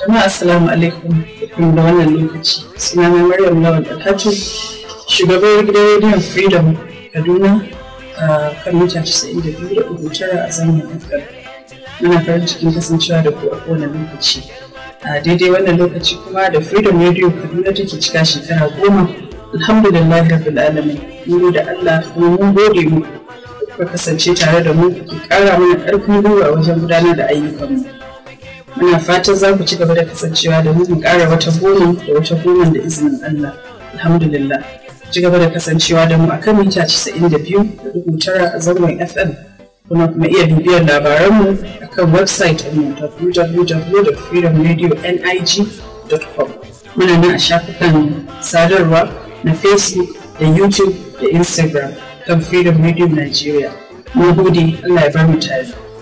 Jama'a assalamu alaikum da wannan lokaci. Suna na Maryam Lawal Akatu, shugabar gidan rediyon Freedom Kaduna a kan mita 92 da tara a zaman afirka Muna farin cikin kasancewa da ku a kowane lokaci. A daidai wannan lokaci kuma da Freedom Radio Kaduna take cika shekara goma. Alhamdulillah rabbil alamin. Mun da Allah kuma mun gode mu. Kuka kasance tare da mu ki kara mana ƙarfin gwiwa wajen gudanar da ayyukanmu. muna fatan za ku ci gaba da kasancewa da mu ƙara wata goma da wata goma da izinin Allah alhamdulillah ci gaba da kasancewa da mu akan mita 92 da dubu tara a zangon FM kuna kuma iya bibiyar labaranmu akan website mu ta www.freedomradio.nig.com muna nan a shafukan sadarwa na Facebook da YouTube da Instagram kan Freedom Radio Nigeria. Mun gode Allah ya bar mu tare.